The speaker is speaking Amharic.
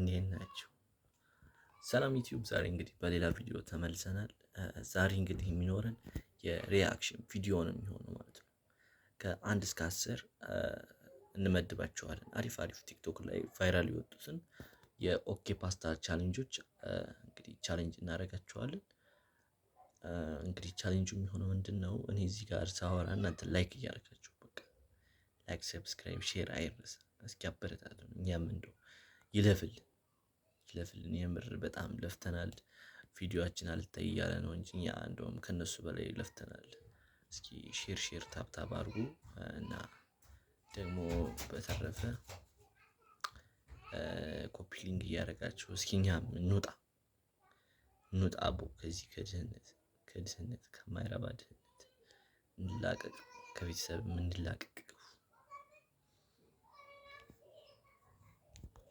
እንዴት ናችሁ? ሰላም ዩቲዩብ፣ ዛሬ እንግዲህ በሌላ ቪዲዮ ተመልሰናል። ዛሬ እንግዲህ የሚኖረን የሪያክሽን ቪዲዮ ነው የሚሆነው ማለት ነው። ከአንድ እስከ አስር እንመድባቸዋለን። አሪፍ አሪፍ ቲክቶክ ላይ ቫይራል የወጡትን የኦኬ ፓስታ ቻሌንጆች እንግዲህ ቻሌንጅ እናደርጋቸዋለን። እንግዲህ ቻሌንጁ የሚሆነው ምንድን ነው? እኔ እዚህ ጋር ሳወራ እናንተ ላይክ እያደረጋችሁ በቃ ላይክ፣ ሰብስክራይብ፣ ሼር አይረሳ። እስኪ አበረታቱን እኛም እንደው ይለፍል ይለፍል። የምር በጣም ለፍተናል። ቪዲዮችን አልታይ እያለ ነው እንጂ እኛ እንደውም ከነሱ በላይ ለፍተናል። እስኪ ሼር ሼር ታብታብ አድርጉ እና ደግሞ በተረፈ ኮፒሊንግ እያደረጋችሁ እስኪ እኛም እንውጣ እንውጣ ቦ ከዚህ ከድህነት ከድህነት ከማይረባ ድህነት እንላቀቅ፣ ከቤተሰብ እንላቀቅ።